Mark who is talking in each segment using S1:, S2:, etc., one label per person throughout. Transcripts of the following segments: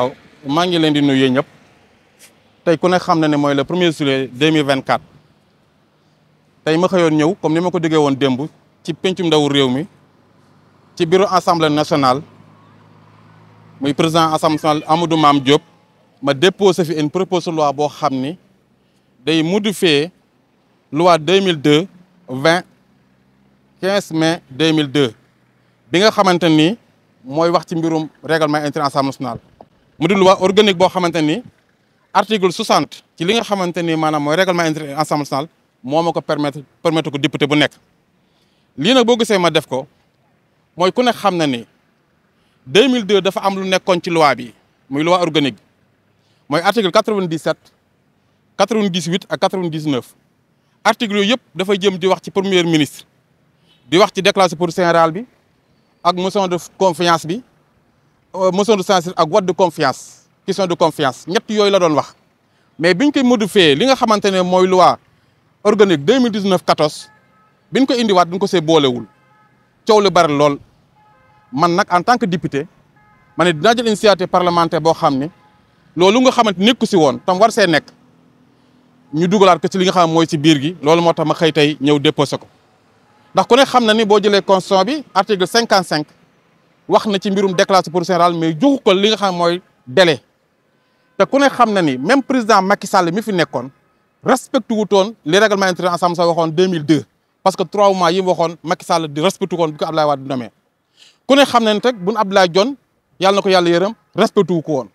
S1: waaw maa ngi leen di nuyu ñëpp tey ku ne xam na ne mooy le premier vingt 2024 tey ma xëyoon ñëw comme ni ma ko diggee woon démb ci pencum ndawu réew mi ci bureau assemblée nationale mooy président assemblée nationale Amadou maam Diop ma déposé fi une proposition de boo xam ni day deux loi 2002 20 15 mai deux bi nga xamante ni mooy wax ci mbirum règlement intérieur assemblée nationale mu di loi organique boo xamante ni article 60 ci li nga xamante ni maanaam mooy règlement intérieur assemblée nationale moo ma ko permettre permettre ko député bu nekk. lii nag boo gisee ma def ko mooy ku ne xam na ni 2002 dafa am lu nekkoon ci loi bi muy loi organique mooy article 97 98 ak 99. article yooyu yëpp dafay jëm di wax ci premier ministre di wax ci déclaration pour générale bi ak motion de confiance bi. Euh, motion de censure ak vote de confiance question de confiance ñett yooyu la doon wax mais biñ koy modifié li nga xamante ne mooy loi organique 2019 14 biñ ko indiwaat duñ ko see boolewul coow lu bari lool man nag en tant que député ma ne dinaa jël initiative parlementaire boo xam ne loolu nga xamante nekku si woon tam war see nekk ñu dugalaat ko ci li nga xam mooy si biir gi loolu moo tax ma xëy tey ñëw déposé ko ndax ko ne xam na ni boo jëlee constitution bi article cinquante cinq wax na ci mbirum déclaration pour général mais joxu li nga xam mooy délai te ku ne xam na ni même président Macky Sall mi fi nekkoon respecté wutoon li règlement intérieur ensemble sa waxoon 2002 parce que trois mois yi mu waxoon Macky Sall di respecté woon bi ko Abdoulaye ku ne xam na ni teg buñ Abdoulaye jon yàlla na ko yàlla yërëm respecté wu ko woon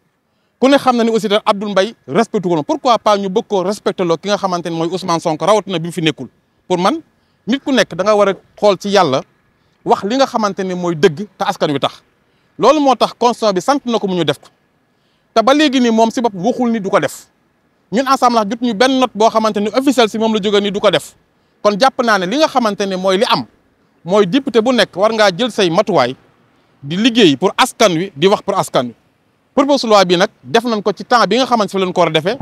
S1: ku ne xam na ni aussi daal Abdoul Mbaye respecté ko woon pourquoi pas ñu bëgg koo respecté loo ki nga xamante ni mooy Ousmane Sonko rawatina bi mu fi nekkul pour man nit ku nekk da war a xool ci yàlla wax li nga xamante ne mooy dëgg te askan wi tax loolu moo tax constat bi sant na ko mu ñu def ko te ba léegi nii moom si bopp waxul ni du ko def ñun ensemble jot ñu benn note boo xamante ni officiel si moom la jógee ni du ko def kon jàpp naa ne li nga xamante ne mooy li am mooy député bu nekk war ngaa jël say matuwaay di liggéey pour askan wi di wax pour askan wi. pour loi bi nag def nañ ko ci temps bi nga xamante fi lañ ko war a defee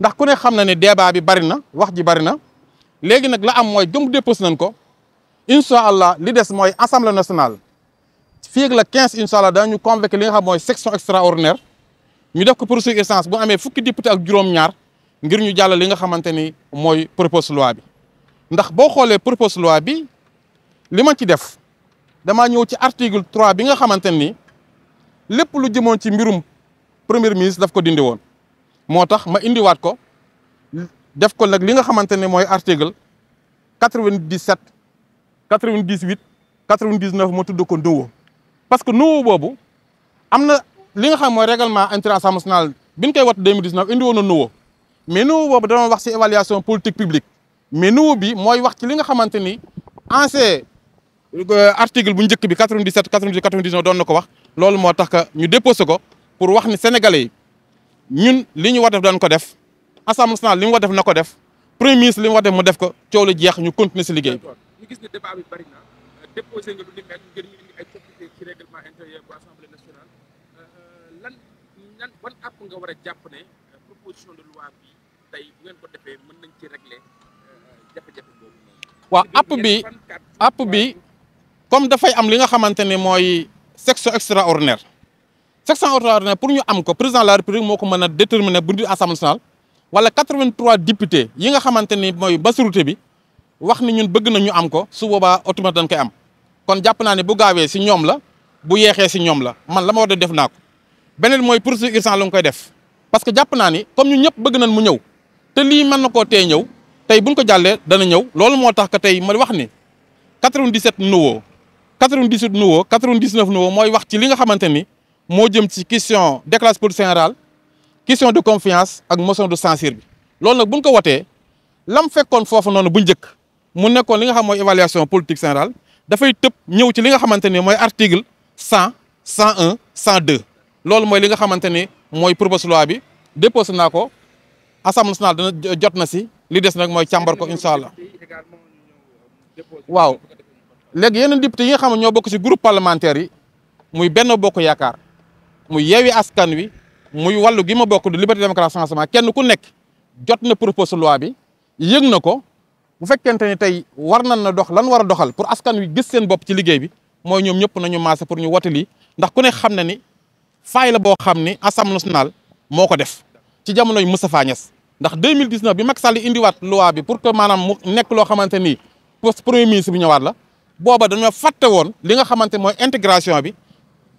S1: ndax ku ne xam na ne débat bi bari na wax ji bari na léegi nag la am mooy gëm déposé nañ ko. incha allah li des mooy assemblée nationale fii ak la 15 incha allah daañu convoqué li nga xam mooy section extraordinaire ñu def ko procédure urgence bu amee fukki député ak juróom-ñaar ngir ñu jàll li nga xamante ni mooy propose loi bi. ndax boo xoolee propose loi bi li ma ci def damaa ñëw ci artigle 3 bi nga xamante ni lépp lu jëmoon ci mbirum premier ministre daf ko dindi woon moo tax ma indiwaat ko def ko nag li nga xamante ni mooy article 97. 98 99 ma tudd ko nouveau parce que nouveau boobu am na li nga xam mooy règlement intérieur Assemblée nationale bi ñu koy wat 2019 indi woon na nouveau mais nouveau boobu dama wax ci évaluation politique publique mais nouveau bi mooy wax ci li nga xamante ni ancien euh, article bu njëkk bi 97 98 99 doon na ko wax loolu moo tax que ñu déposé ko pour wax ni sénégalais yi ñun li ñu war def daan ko def Assemblée nationale li mu na ko def premier ministre li mu war def ko coow lu jeex ñu continuer ci liggéey bi ñu gis ne bari na euh, euh, lan lan ban jàpp ne euh, proposition de bi tey waaw àpp bi àpp bi comme dafay am li nga xamante ne mooy section extraordinaire section extraordinaire pour ñu am ko président de la république moo ko mën a déterminer bu di assemblée nationale wala 83 députés yi nga xamante ni mooy majorité bi. wax ni ñun bëgg na ñu am ko su boobaa automate dañ koy am kon jàpp naa ne bu gaawee si ñoom la bu yeexee si ñoom la man la ma war a def naa ko beneen mooy procédure urgente la nga koy def parce que jàpp naa ni comme ñu ñëpp bëgg nañ mu ñëw te lii mën na koo tee ñëw tey bu buñ ko jàllee dana ñëw loolu moo tax que tey ma wax ni 97 nouveau 98 nouveau 99 nouveau mooy wax ci li nga xamante ni moo jëm ci question déclaration politique générale question de confiance ak motion de censure bi loolu nag buñ ko watee lam fekkoon foofu noonu bu njëkk mu nekkoon li nga xam mooy évaluation politique générale dafay tëb ñëw ci li nga xamante ni mooy article cent cent un cent deux loolu mooy li nga xamante ni mooy proposition loi bi déposé naa ko assemblée naa dana jot na si li des nag mooy càmbar ko incha allah waaw léegi yeneen député yi nga xam ne ñoo bokk si groupe parlementaire yi muy benn bokk yaakaar muy yeewi askan wi muy wàllu gi ma bokk du liberté démocratie changement kenn ku nekk jot na proposition loi bi yëg na ko bu fekkente ni tey war nañ na dox lan war a doxal pour askan wi gis seen bopp ci liggéey bi mooy ñoom ñëpp nañu maase pour ñu wote lii ndax ku ne xam na ni faay la boo xam ni assemblée nationale moo ko def ci jamonoy Moustapha Niass ndax 2019 bi Macky Sall indiwaat loi bi pour que maanaam nekk loo xamante ni poste premier ministre bi ñëwaat la booba dañoo fatte woon li nga xamante mooy intégration bi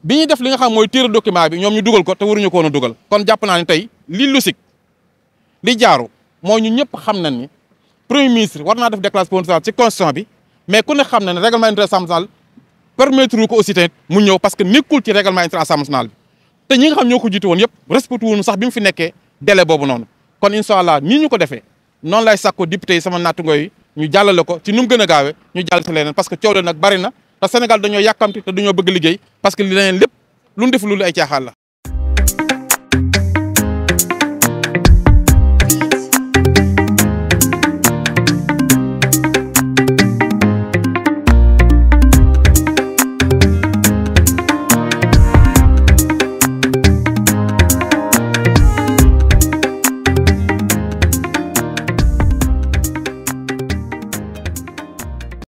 S1: bi ñuy def li nga xam mooy téere document bi ñoom ñu dugal ko te waruñu koo woon a dugal kon jàpp naa ne tey li lusik li jaaru moo ñu ñëpp xam nañ ni premier ministre war naa def déclaration politique ci constitution bi mais ku ne xam na ne règlement intérieur assemblée nationale permettre wu ko aussi mu ñëw parce que nekkul ci règlement intérieur assemblée nationale bi te ñi nga xam ñoo ko jiitu woon yëpp respecté wuñu sax bi mu fi nekkee délai boobu noonu kon incha allah nii ñu ko defee noonu lay sàkko député yi sama nattangoo yi ñu jàllale ko ci nu gën a gaawee ñu jàll si leneen parce que coow la nag te Sénégal dañoo